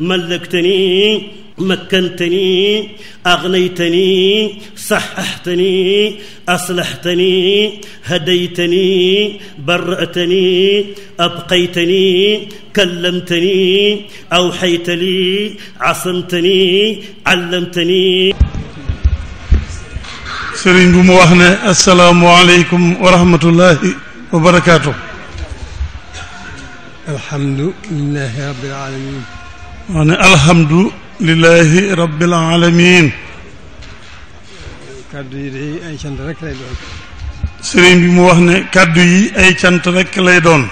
ملكتني مكنتني أغنيتني صححتني أصلحتني هديتني برأتني أبقيتني كلمتني أوحيت لي عصمتني علمتني سرين جمواهنا السلام عليكم ورحمة الله وبركاته الحمد لله رب العالمين wax ne alhamdulilahi rabbil alamin kàddu yi day ay cant rek lay doon sëriñ bi mu wax ne kàddu yi ay cant rek lay doon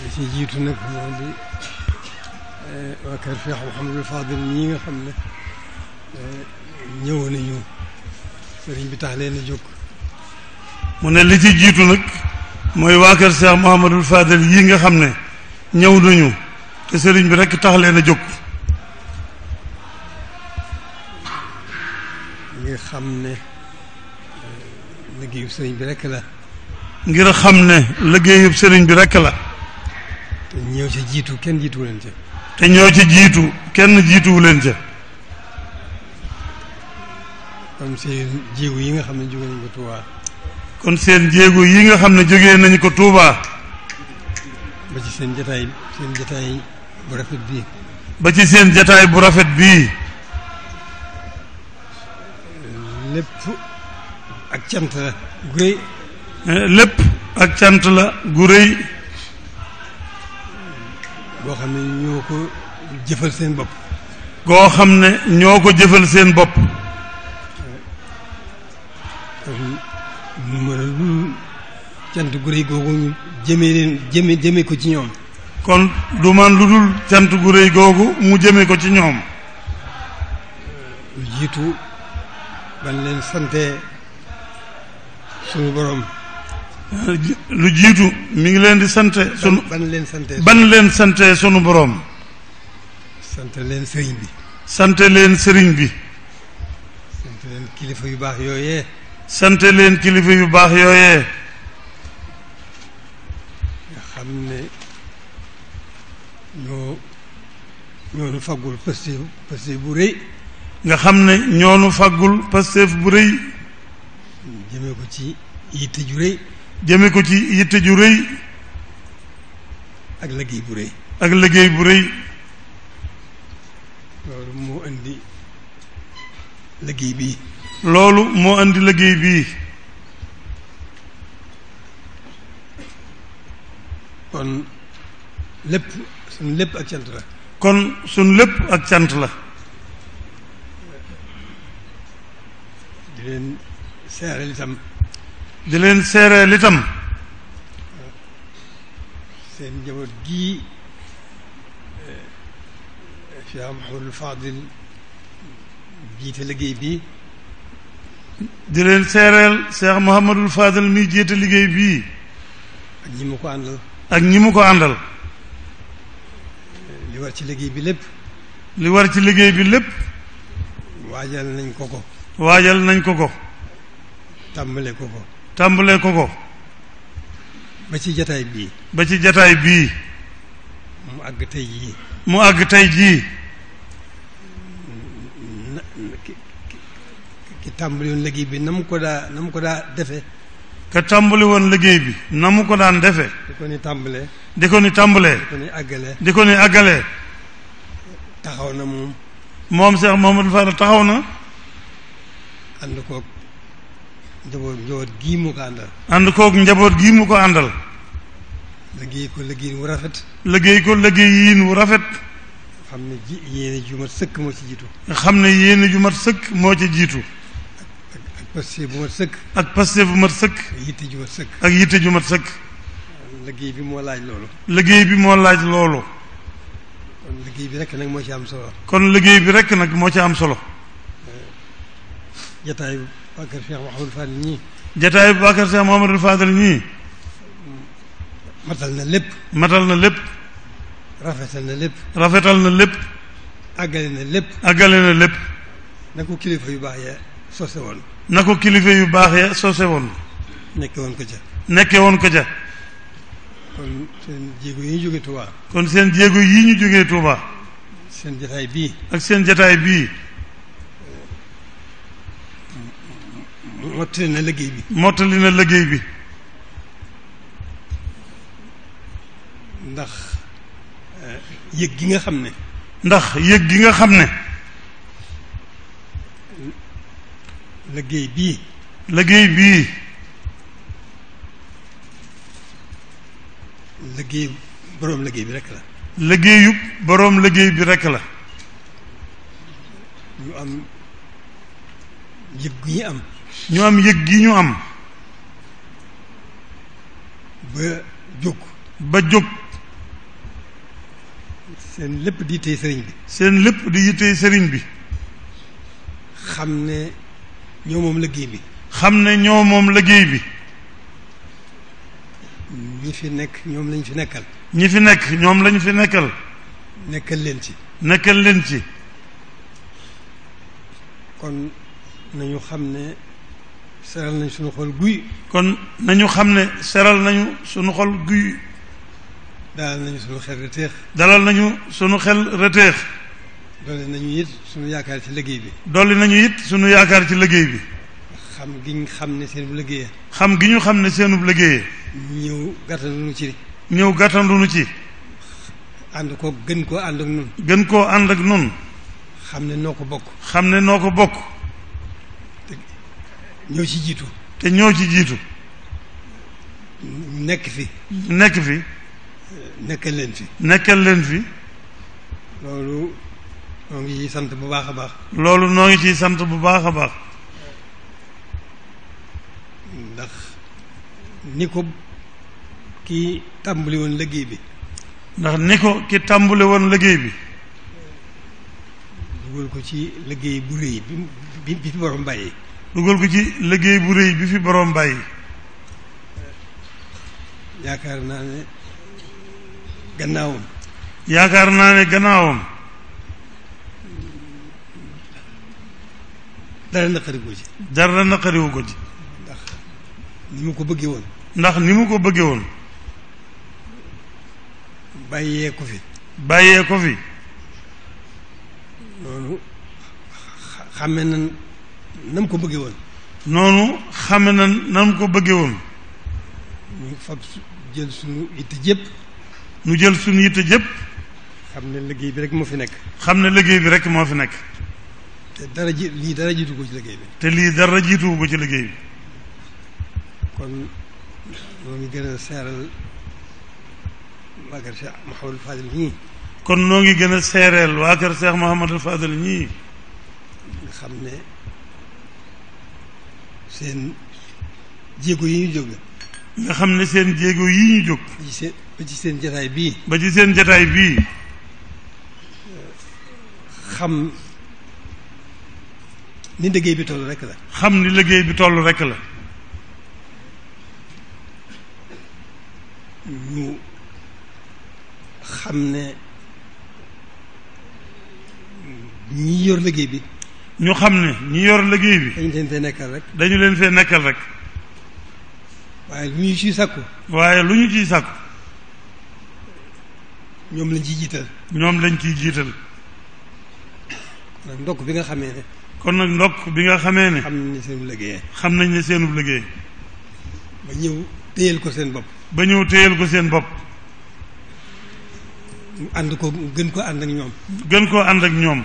li ci jiitu nag moo di eh, nga xam ne eh, ñëw nañu sëriñ bi tax leen li ci jiitu nag mooy waa kër Cheikh Mouhamadul Fadil nga xam ne ñëw nañu sëriñ bi rekk tax leen a jóg ngir xam ne eh, liggéeyub sëriñ bi rekk la ngir xam ne liggéeyub sëriñ bi rekk la te ñëw ci jiitu kenn jiituwu leen ca te ñëw ci jiitu kenn jiituwu leen ca kon seen jéego yi nga xam ne jógee nañu ko Touba kon seen jéego yi nga xam ne jógee nañu ko Touba ba ci seen jataay seen jataay bu rafet bii. ba ci seen jataay bu rafet bii. lépp ak cant la gu rëy. Eh, lépp ak cant la gu rëy. goo xam ne ñoo ko jëfal seen bopp. goo xam ne ñoo ko jëfal seen bopp. mën a lu cant gu rëy googu ñu jëmee leen jëme jëme ko ci ñoom. kon du man lu dul cant gu rëy googu mu jëme ko ci ñoom lu jiitu ban leen sante sunu lu jiitu mi ngi leen di sante sunu leen sante ban leen sante sunu borom sante leen sëriñ bi sante leen sëriñ bi sante kilifa yu baax yooyee sante leen kilifa yu baax yooyee ñoonu faggul pastéef bu rëy nga xam ne ñoonu faggul pastéef bu rëy jëme ko ci yitte ju rëy jëme ko ci yitte ju rëy ak liggéey bu rëy ak liggéey bu rëy loolu moo indi liggéey bii kon lépp suñ lépp ak cant kon suñ lépp ak cant la di leen seere tam di leen seere litam seen njaboot gii eh, Cheikh Mouhamadul Fadil jiite liggéey bi di leen seereel Cheikh Mouhamadul Fadil mi jiite liggéey bii ak ñi ko àndal ak ko àndal war ci liggéey bi lépp. li war ci liggéey bi lépp. waajal nañ ko ko. waajal nañ ko ko. tàmbale ko ko. tàmbale ko ko. ba ci jataay bii. ba ci jataay bii. mu àgg tey jii. mu àgg tey jii. ki tàmbali woon liggéey bi na mu ko daa na mu ko daa defee. ka tàmbali woon liggéey bi na mu ko daan defe di ko ni tàmbalee di ko ni tàmbalee di ko ni àggalee di ko ni àggalee taxaw na moom moom Cheikh Mouhamadou Fadal taxaw na ànd koog njaboot gii mu ko àndal ànd koog njaboot gii mu ko àndal liggéey ko liggéeyin wu rafet liggéey ko liggéeyin wu rafet xam ne ji yéene ju mat sëkk moo ci jiitu xam ne yéene ju sëkk moo ci jiitu pasté bu mat sëkk. ak pasté bu mat sëkk. ak yitte ju mat sëkk. ak yitte ju mat sëkk. liggéey bi moo laaj loolu. liggéey bi moo laaj loolu. kon liggéey bi rek nag moo ci am solo. kon liggéey bi rek nag moo ci am solo. jataay bu waa kër Cheikh Mouhamadou Fadel ñii. jataay bu waa kër Cheikh Mouhamadou Fadel ñii. matal na lépp. matal na lépp. rafetal na lépp. rafetal na lépp. àggale na lépp. na lépp. na ko kilifa yu baax ya sose woon. na ko kilifa yu baax ya sose woon. nekke woon ko ca. nekke woon ko ca. kon seen jéego yi ñu jógee Touba. kon seen jéego yi ñu jógee seen jataay bii. ak seen jataay bii. mottali na liggéey bi. mottali na liggéey bi. ndax eh, yëg gi nga xam ne. ndax yëg gi nga xam ne. liggéey bii liggéey bii liggéey boroom liggéey bi rekk la liggéeyu boroom liggéey bi rekk la ñu am yëg gi ñu am ñu am yëg gi ñu am ba jóg ba jóg seen lépp di yittey sëriñ bi seen lépp di yittey sëriñ bi xam ne ñoo moom liggéey bi xam ne ñoo moom liggéey bi ñi fi nekk ñoom lañ fi nekkal ñi fi nekk ñoom lañ fi nekkal nekkal leen ci nekkal leen ci kon nañu xam ne seral nañ suñu xol guy kon nañu xam ne seral nañu suñu xol guy dalal nañu suñu xel reteex dalal nañu suñu xel reteex dolli nañu it sunu yaakaar ci liggéey bi. dolli nañu it sunu yaakaar ci liggéey bi. xam gi xam ne seenub liggéeyee. xam gi ñu xam ne seenub liggéeyee. ñëw gàttanduñu ci. ñëw gàttanduñu ci. ànd ko gën koo ànd ak nun gën koo ànd ak nun xam ne noo ko bokk. xam ne noo ko bokk. te ñoo ci jiitu. te ñoo ci jiitu. nekk fi. nekk fi. nekkal leen fi. nekkal leen fi. loolu. noo ngi sant bu baax a baax. loolu noo ngi ciy sant bu baax a baax. ndax ni ko ki tàmbali woon liggéey bi. ndax ni ko ki tàmbali woon liggéey bi. dugal ko ci liggéey bu rëy bi bi fi borom bàyyi. ci liggéey bu bi fi borom bàyyi. yaakaar naa ne gannaawam. yaakaar naa ne gannaawam. dara naqariwu ko ci. dara naqariwu ko ci. ndax ni mu ko bëggee woon. ndax ni mu ko bëggee woon. bàyyee ko fi. bàyyee ko fi. noonu xame nan na mu ko bëggee woon. noonu na mu ko bëggee woon. ñu fab jël suñu yitte jëpp. ñu jël suñu yitte jëpp. xam ne liggéey bi rek moo fi nekk. xam ne liggéey bi rek moo fi nekk. te dara ji lii dara jiitu ko ci liggéey bi. te li dara jiitu ko ci liggéey bi. kon noo gën a seeral waa kër Cheikh Mouhamadul Fadel ñii. kon noo ngi gën a seereel waa kër Cheikh Mouhamadul Fadel ñii. nga xam ne seen jéego yi jóg. xam jéego yi ñu jóg. ci seen jataay bii. ba bii. ni liggéey bi toll rekk la. xam ni liggéey bi tollu rekk la. ñu xam ne ñi yor liggéey bi. ñu xam ne ñi yor liggéey bi. dañu leen fee nekkal rek. dañu leen fee nekkal rek. waaye lu ñu ciy sàkku. waaye lu ñu ciy sàkku. ñoom lañ ciy jiital. ñoom lañ ciy jiital. nag ndokk bi nga xamee ne. kon nag ndokk bi nga xamee ne. xam nañ ne seenub liggéey. xam nañ ne seenub liggéey. ba ñëw téyel ko seen bopp. ba ñëw téyel ko seen bopp. mu ànd ko gën koo ànd ak ñoom. gën koo ànd ak ñoom.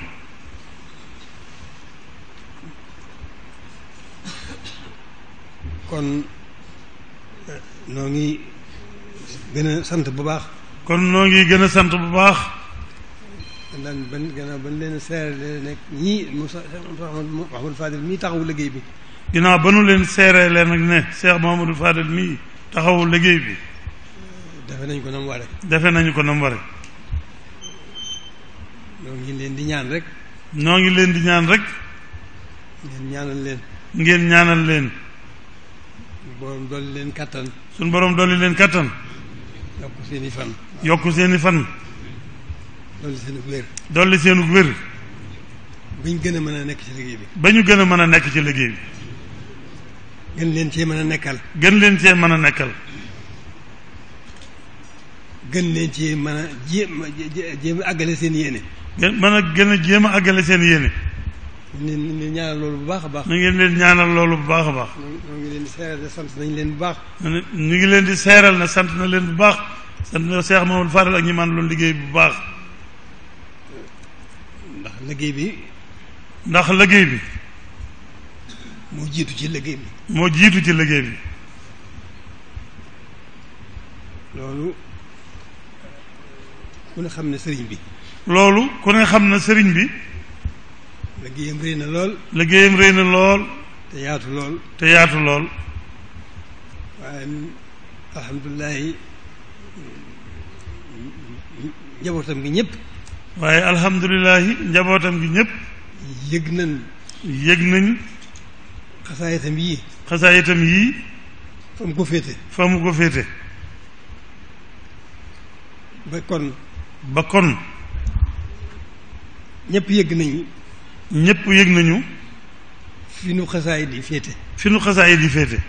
kon eh, noo ngi gën sant bu baax. kon noo ngi gën a sant bu baax. lan ban gannaaw ban leen leen nag ñii mu Cheikh Mouhamadou Fadel mii taxawu liggéey bi ginnaaw leen seeree leen nag ne Cheikh Mouhamadou Fadel mii taxawu liggéey bi defe nañ ko nam ware defe nañu ko nam ware noo ngi leen di ñaan rek noo ngi leen di ñaan rek ngeen ñaanal leen ngeen ñaanal leen suñu borom dolli leen kattan suñu borom dolli leen kattan yokk seen fan yokk seen fan dolli seen wér. dolli seen wér. ba ñu gën a mën a nekk ci liggéey bi. ba ñu gën a mën a nekk ci liggéey bi. gën leen ci mën a nekkal. gën leen cee mën a nekkal. gën leen cee mën a jéem jéem a àggale seen yéene. gën mën a gën a jéem a àggale seen yéene. ñu ngi ñaanal loolu baax a baax. ñu leen ñaanal loolu bu baax baax. ñu ngi leen di seeral ne sant leen bu baax. ñu ngi leen di seeral ne sant na leen bu baax sant na Cheikh Mamadou Faral ak ñi man loolu liggéey bu baax. liggéey bi. ndax liggéey bi. moo jiitu ci liggéey bi. moo jiitu ci liggéey bi. loolu ku ne xam ne sëriñ bi. loolu ku ne xam na sëriñ bi. liggéeyam rëy na lool. liggéeyam rëy na lool. te yaatu lool. te yaatu lool. waaye alhamdulilah njabootam gi ñëpp. waaye alhamdulilahi njabootam bi ñëpp. yëg nañ. yëg nañ. xasaayitam yii. xasaayitam yii. fa mu ko féete. fa mu ko féete. ba kon. ba kon. ñëpp yëg nañu. ñëpp yëg nañu. fi nu xasaayit yi féete. fi nu xasaayit yi féete.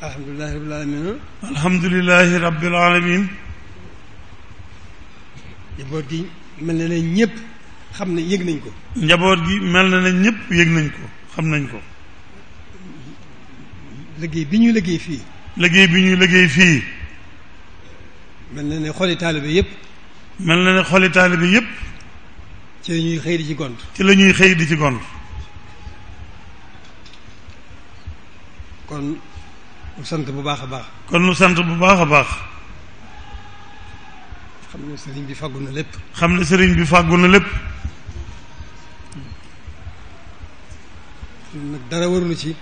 alhamdulilahi rabbil alamin. alhamdulilahi rabbil alamin. njaboot gi mel na ne ñëpp xam na yëg nañ ko. njaboot gi mel na ne ñëpp yëg nañ ko xam nañ ko. liggéey bi ñu liggéey fii. liggéey bi ñu liggéey fii. mel na ne xoli taalibe yëpp. mel na ne xoli taalibe yëpp. ci la ñuy xëy di ci gont. ci la ñuy xëy di ci gont. kon nu sant bu baax a baax. kon nu sant bu baax a baax. xam ne sëriñ bi fàggu na lépp. xam ne sëriñ bi fàggu na lépp. ci.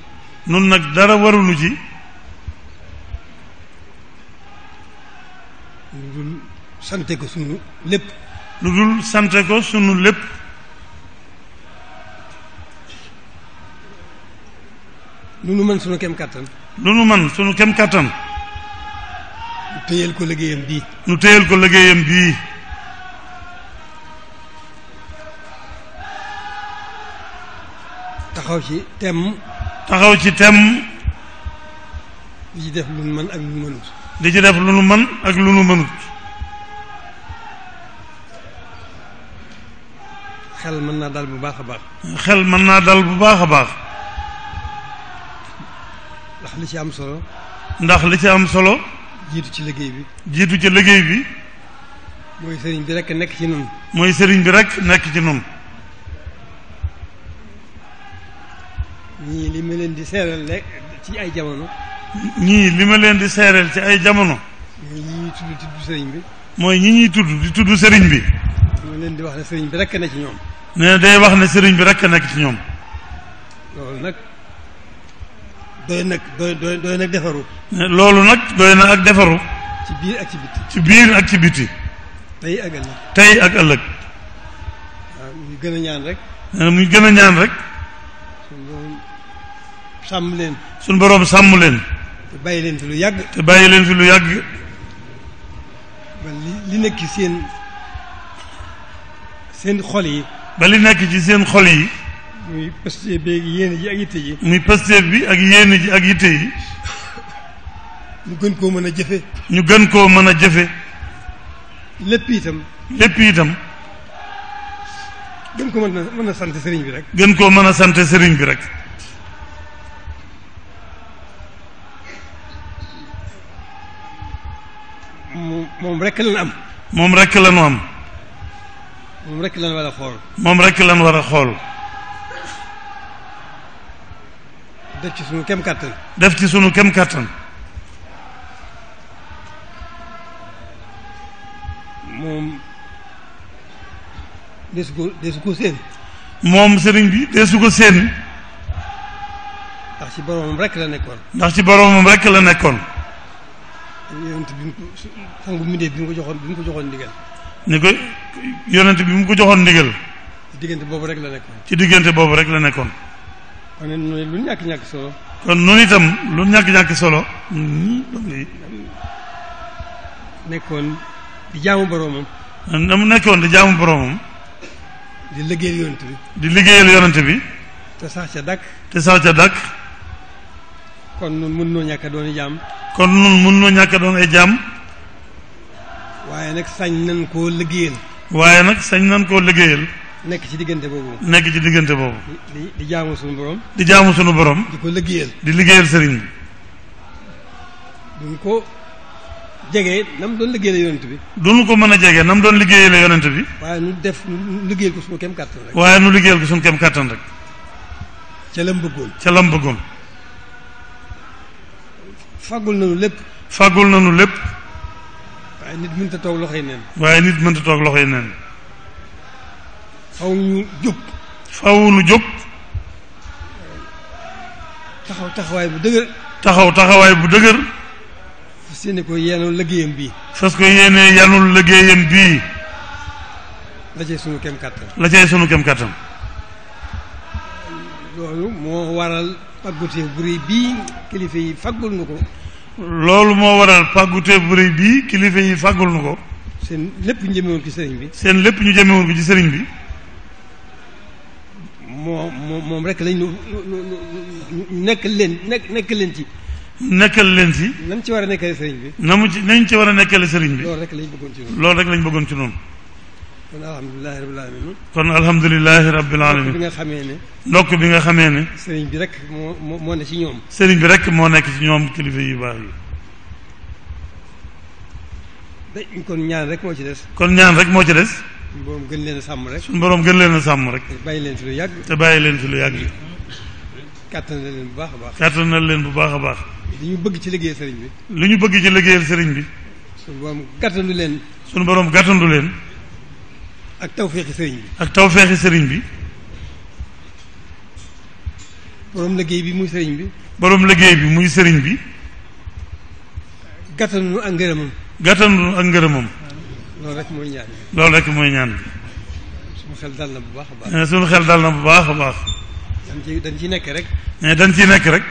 nun nag dara waruñu lu dul sante ko sunu lépp. lu lépp. lu nu mën sunu kem kàttan. lu nu mën sunu kem kàttan. téyeel ko liggéeyam bii nu téyeel ko liggéeyam bii taxaw ci temm taxaw ci temm di ci def lu nu mën ak lu nu mënut xel mën naa dal bu baax a baax xel mën naa dal bu baax a baax ndax li ci am solo ndax li ci am solo jiitu ci liggéey bi. jiitu ci liggéey bi. mooy sëriñ bi rek nekk ci nun mooy sëriñ bi rek nekk ci nun ñii li ma leen di seeral rek ci ay jamono. ñii li ma di seeral ci ay jamono. mooy ñi ñuy tudd bi. mooy ni ni tudd di tudd sëriñ bi. ma leen di wax ne sëriñ bi rek nekk ci ñoom. nee day wax ne sëriñ bi rek nekk ci ñoom. loolu nag. doy nag doy doy loolu nag doy na ak defaru. ci biir ak biir ak tey ak ëllëg. tey ak ëllëg. waaw ah, muy gën a ñaan rek. muy gën a ñaan rek. suñu borom sàmm leen. suñu borom sàmm leen. te bàyyi leen fi lu yàgg. te bàyyi leen fi lu yàgg. li li nekk seen seen xol yi. ba li nekk ci seen xol yi. muy pëstéef bi ak yéene ji ak yitte ji. muy pëstéef bi ak yéene ji ak yitte yi. ñu gën koo mën a jëfe ñu gën koo mën a jëfe lépp itam. lépp itam. gën koo mën a sant sëriñ bi rek. gën koo mën a sant sëriñ bi rek. moom moom rek lan am. moom rek lan am. moom rek lan war a xool. moom rek lan war a xool. def ci sunu kem kattan. def ci sunu kem kattan. moom desu ko desu ko seen. moom sëriñ bi desu ko seen. ndax ci boromam rek la nekkoon. ndax ci boromam rekk la nekkoon. yonent bi mu ko sangu bi mu ko joxoon bi mu ko joxoon ndigal. ni ko yonent bi mu ko joxoon ndigal. ci diggante boobu rek la nekkoon. ci diggante boobu rek la nekkoon. kon nu lu ñàkk ñàkk solo. kon nun itam ñàkk ñàkk solo. nekkoon na mu nekkoon di jaamu di liggéeyal di liggéeyal yonent bi. te sax te sax ca kon mën noo ñàkk doon ay jaam. kon mën noo ñàkk doon ay waaye nag sañ nañ koo liggéeyal. waaye nag sañ nañ koo liggéeyal. nekk ci diggante boobu. nekk ci diggante boobu. di di jaamu sunu borom. di jaamu sunu boroom di ko liggéeyal. di liggéeyal sëriñ bi. duñ ko jege nam doon liggéeyal yonent bi. duñ ko mën a jege nam doon liggéeyal yonent bi. waaye nu def nu liggéeyal ko sunu kem kàttan rek. waaye nu liggéeyal ko sunu kem kàttan rek. ca lam bëggoon. ca lam bëggoon. fàggul nañu lépp. fàggul nañu lépp. waaye nit mënta toog loxoy neen. waaye nit mënta toog loxoy neen. faw ñu jóg faw jóg taxaw taxawaay bu dëgër taxaw taxawaay bu dëgër fas yéene ko yeenul liggéeyam bii fas ko yéene yanul liggéeyam bii la cay sunu kem kàttan la cay sunu kem kàttan loolu moo waral pàggutee bu rëy bii kilifa yi fàggul nu ko loolu moo waral pàggutee bu rëy bii kilifa yi fàggul nu ko seen lépp ñu jëmewoon ko bi seen lépp ñu jëmewoon ko ci sëriñ bi moo moom rek lañ nu nekkal leen nekk nekkal leen ci. nekkal leen ci. nañ ci war a nekkale sëriñ bi. na mu ci nañ ci war a nekkale sëriñ bi. loolu rek lañ bëggoon ci noonu. loolu rek lañ bëggoon ci noonu. kon alhamdulilah rabbil alamin. kon alhamdulilah rabbil alamin. ndokk bi nga xamee ne. ndokk bi nga xamee ne. sëriñ bi rek moo moo moo ne ci ñoom. sëriñ bi rek moo nekk ci ñoom kilifa yu baax yi. kon ñaan rek moo ci des. kon ñaan rek moo ci des. suñu borom gën leen sàmm rek. suñu borom gën leen a sàmm rek. te bàyyi leen fi lu yàgg. te bàyyi leen fi lu yàgg. kàttanal leen bu baax a baax. kàttanal leen bu baax a baax. li bëgg ci liggéeyal sëriñ bi. li ñu bëgg ci liggéeyal sëriñ gàttandu leen. suñu borom gàttandu leen. ak tawféexi sëriñ bi. ak tawféexi sëriñ bi. borom liggéey bi muy sëriñ bi. boroom liggéey bi muy sëriñ bi. gàttandu ak ngërëmam. gàttandu ak ngërëmam. loolu rek mooy ñaan bi loolu rek mooy ñaan bi. suñu xel dal na bu baax a baax. Eh, suñu xel dal na bu baax a baax. dañ ciy dañ ciy nekk rek. Eh, dañ ci nekk rek.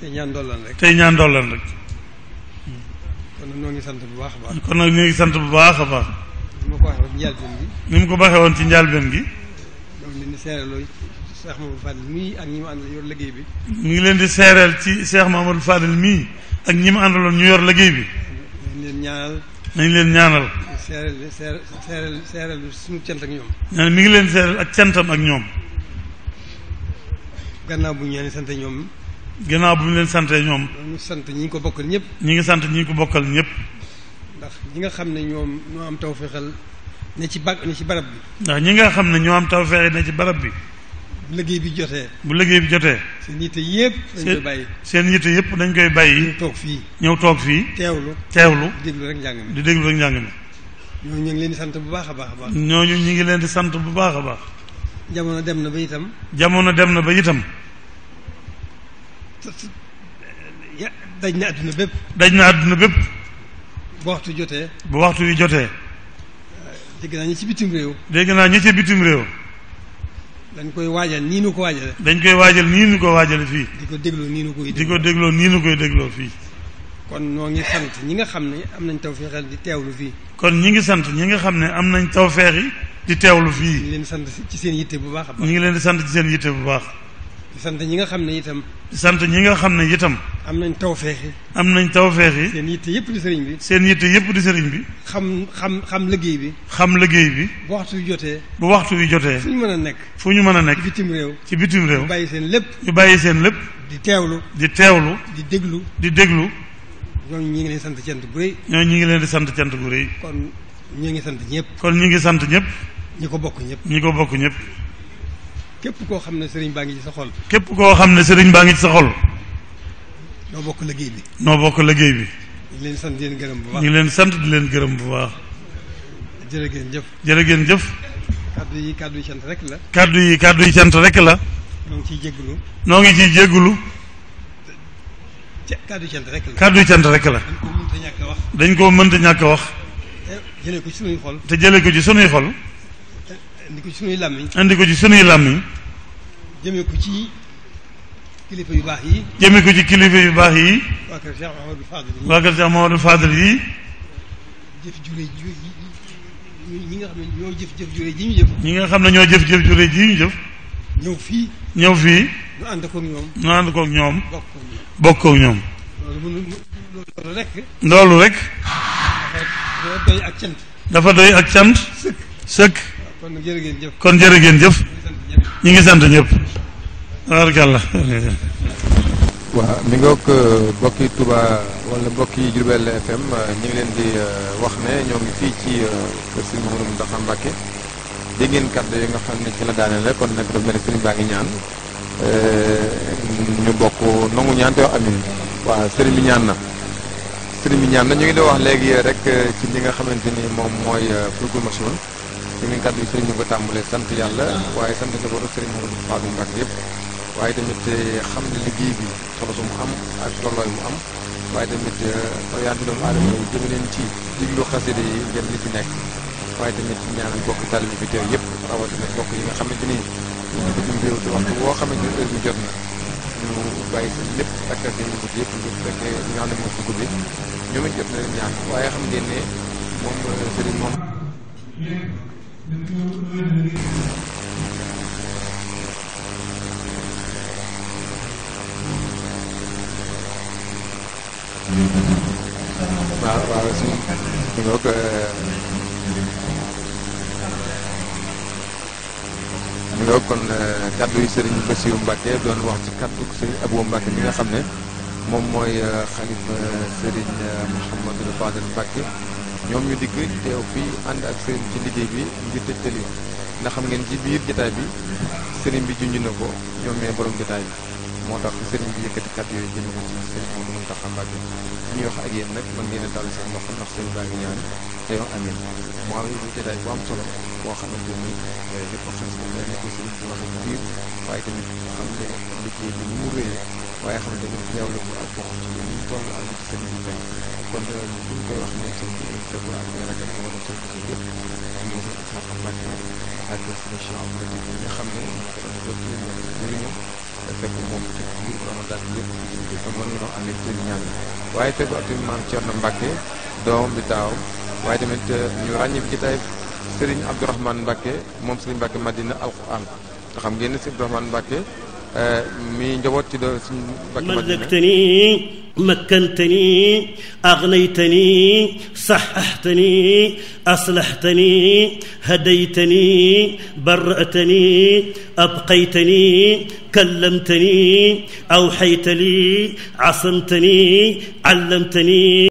tey ñaan dollan rek tey ñaan dollan rek. kon nag ñoo ngi sant bu baax a baax. kon nag ñoo ngi sant bu baax a baax. ni ma ko waxee woon ci njàlbeen gi. ni ko waxee woon ci njàlbeen gi. ñoo ngi leen di seeraloo Cheikh Mamadou ak ñi mu àndal yor liggéey bi. ñu ngi leen di seereel ci Cheikh Mamadou mii ak ñi mu àndaloon ñu yor liggéey bi. nañ leen ñaanal. nañ leen ñaanal. seeral seeral seeral seeral suñu cant ak ñoom. nee na mi ngi leen seeral ak cantam ak ñoom. gannaaw bu ñu leen sant ñoom. gannaaw bu ñu leen santee ñoom. ñu sant ñu ngi ko bokkal ñëpp. ñu ngi sant ñi ngi ko bokkal ñëpp. ndax ñi nga xam ne ñoom ñoo am tawféexal ne ci ba ne ci barab bi. ndax ñi nga xam ne ñoo am tawféex ne ci barab bi. bu liggéey bi jotee. bu liggéey bi jotee. seen yitte yëpp dañ koy bàyyi. seen yitte yëpp dañ koy bàyyi. ñëw toog fii. ñëw toog fii. teewlu teewlu. di rek njàng di déglu rek njàng mi. ñooñu ñu ngi leen di sant bu baax a baax baax. ñooñu ñu ngi leen di sant bu baax a baax. jamono dem na ba itam. jamono dem na ba itam. daj na àdduna bépp. daj na àdduna bépp. bu waxtu jotee. bu waxtu yu jotee. dégg naa ñi ci bitim réew. dégg naa ñi ci bitim réew. dañ koy waajal nii nu ko waajale dañ koy waajal nii nu ko waajale fii. di ko dégloo nii nu koy. di ko dégloo nii nu koy dégloo fii. kon ñoo ngi sant ñi nga xam ne am nañ tawféex di teewlu fii. kon ñi ngi sant ñi nga xam ne am nañ tawféex yi di teewlu fii. leen di sant ci seen yitte bu baax a baax. ngi leen di sant ci seen yitte bu baax. di sant ñi nga xam ne itam. sant ñi nga xam ne yitam am nañ tawféex yi. am nañ tawféex yi. seen yitte yëpp di sëriñ bi. seen yitte yëpp di sëriñ bi. xam xam xam liggéey bi. xam liggéey bi. bu waxtu wi jotee. bu waxtu wi jotee. fu ñu mën a nekk. fu ñu mën a nekk. ci bitim réew. ci bitim réew. ñu bàyyi seen lépp. ñu bàyyi seen lépp. di teewlu. di teewlu. di déglu. di déglu. ñooñu ñu ngi leen di sant cant gu rëy. ñooñu ñu ngi leen di sant cant gu rëy. kon ñu ngi sant ñëpp. kon ñu ngi sant ñëpp. ñi ko bokk ñëpp. ñi ko bokk ñëpp. képp koo xam ne sëriñ baa ngi ci sa xol. képp koo xam ne sëriñ baa ngi ci sa noo bokk liggéey bi. noo bokk liggéey bi. ñu ngi leen sant di leen gërëm bu baax ñu ngi leen sant di leen gërëm bu baax. jërë ngeen jëf. jërë ngeen jëf. kaddu yi kaddu yi cant rek la. kaddu yi kaddu yi cant rek la. noo ngi ciy jégalu. noo ngi ciy jégalu. kàddu cant rek la cant rek la. dañ koo mënta ñàkk a wax. te jëlee ko ci sunuy xol. te jëlee ko ci sunuy xol. indi ko ci sunuy làmmiñ. indi ko ci ci kilifa yu baax yi. jëmee ko ci kilifa yu baax yi. waa kër Cheikh Mahamadou Fadil yi. yi. jëf jure nga xam ne ñoo jëf jëf jure ji ñu jëf. ñi nga xam ne ñoo jëf jëf jure ji ñu jëf. fii. ñëw fii. nu ànd koog ñoom. nu ànd koog ñoom. bokk koog ñoom. loolu rek. loolu rek. dafa doy ak cant. dafa doy ak cant. sëkk sëkk. kon jërë ngeen jëf. ngi sant ñëpp. barakallah. waaw mi ngoog mbokki euh, Touba wala mbokki Diourbel FM euh, ñu ngi leen di euh, wax ne ñoo ngi fii ci kër Serigne Mouhamadou Mountakha Mbacké dégg ngeen kàddu yi nga xam ne ci la daane la kon nag dafa mel ne Serigne ñaan. Euh, ñu bokk nangu ñaan te wax amin waaw sëriñ bi ñaan na sëriñ bi ñaan na ñu ngi doon wax léegi rek euh, ci li nga xamante ni moom mooy fulkul masuun ñu ngi kàddu yi sëriñ ñu ko tàmbalee sant yàlla waaye sant d'abord sëriñ Mouhamadou Fadou Mbacke yëpp waaye tamit euh, xam ne liggéey bi solo su mu am ak tollooy mu am waaye tamit orienté doomu aadama yi jëm leen ci diglu xasida yi ngeen li ci nekk waaye tamit ñaanal bokk taalibe bi teew yëpp rawatina bokk yi nga xamante ni bitim réew te waxtu woo xamante ne heure jot na ñu bàyyi seen lépp activité yi guddi yëpp ngir fekkee li nga xam ne moom si guddi ñoom jot na leen ñaan waaye xam ngeen ne moom euh, sëriñ moom waaw waaw si donc nga kon euh, kaddu yi Serigne Bassirou Mbacke doon wax ci kaddu Serigne Abou Mbacke mi nga xam ne moom mooy euh, xalifa euh, Serigne Mouhamadou Fadel Mbacke ñoom ñu dikk teew fii ànd ak Serigne ci liggéey bi ngir tëjtali ndax xam ngeen ci biir jotaay bi Serigne bi junj na ko ñoom ñooy borom jotaay bi. moo tax sëriñ bi yëkkati kat yooyu jëlee ko ci sëriñ Mourou Mountakha Mbacké ñuy wax ak yéen nag mën ngeen a dal seen mbokk ndax sëriñ baa ngi ñaan te wax amiin mu am it jotaay bu am solo boo xamante ni lépp eh, ak seen sëriñ dañu ko sëriñ bi wax ak biir waaye tamit xam ne liggéey bi ni mu réyee waaye xam ne ni teew la ko ak bokk ci li ñu toll ak ci sëriñ bi tey kon eh, bu ñu koy wax ne sëriñ bi tegu ak ñaar ak moo doon sëriñ bi yëpp am na sëriñ Moussa Mbacké ak sëriñ Cheikh Mbacké nga xam ne ñu ngi ñëw Cheikh yëpp ñu ngi fa mën noo amee seen ñaan waaye tegu ak tamit maam Thierno Mbacke doomam bi taaw waaye tamit euh, ñu ràññee ci tay Serigne Abdourahmane Mbacke moom Serigne Mbacke Madina alquran nga xam ngeen ne Serigne Abdourahmane Mbacke euh, mi njaboot ci doon Serigne Mbacke Madina مكنتني أغنيتني صححتني أصلحتني هديتني برأتني أبقيتني كلمتني أوحيت لي عصمتني علمتني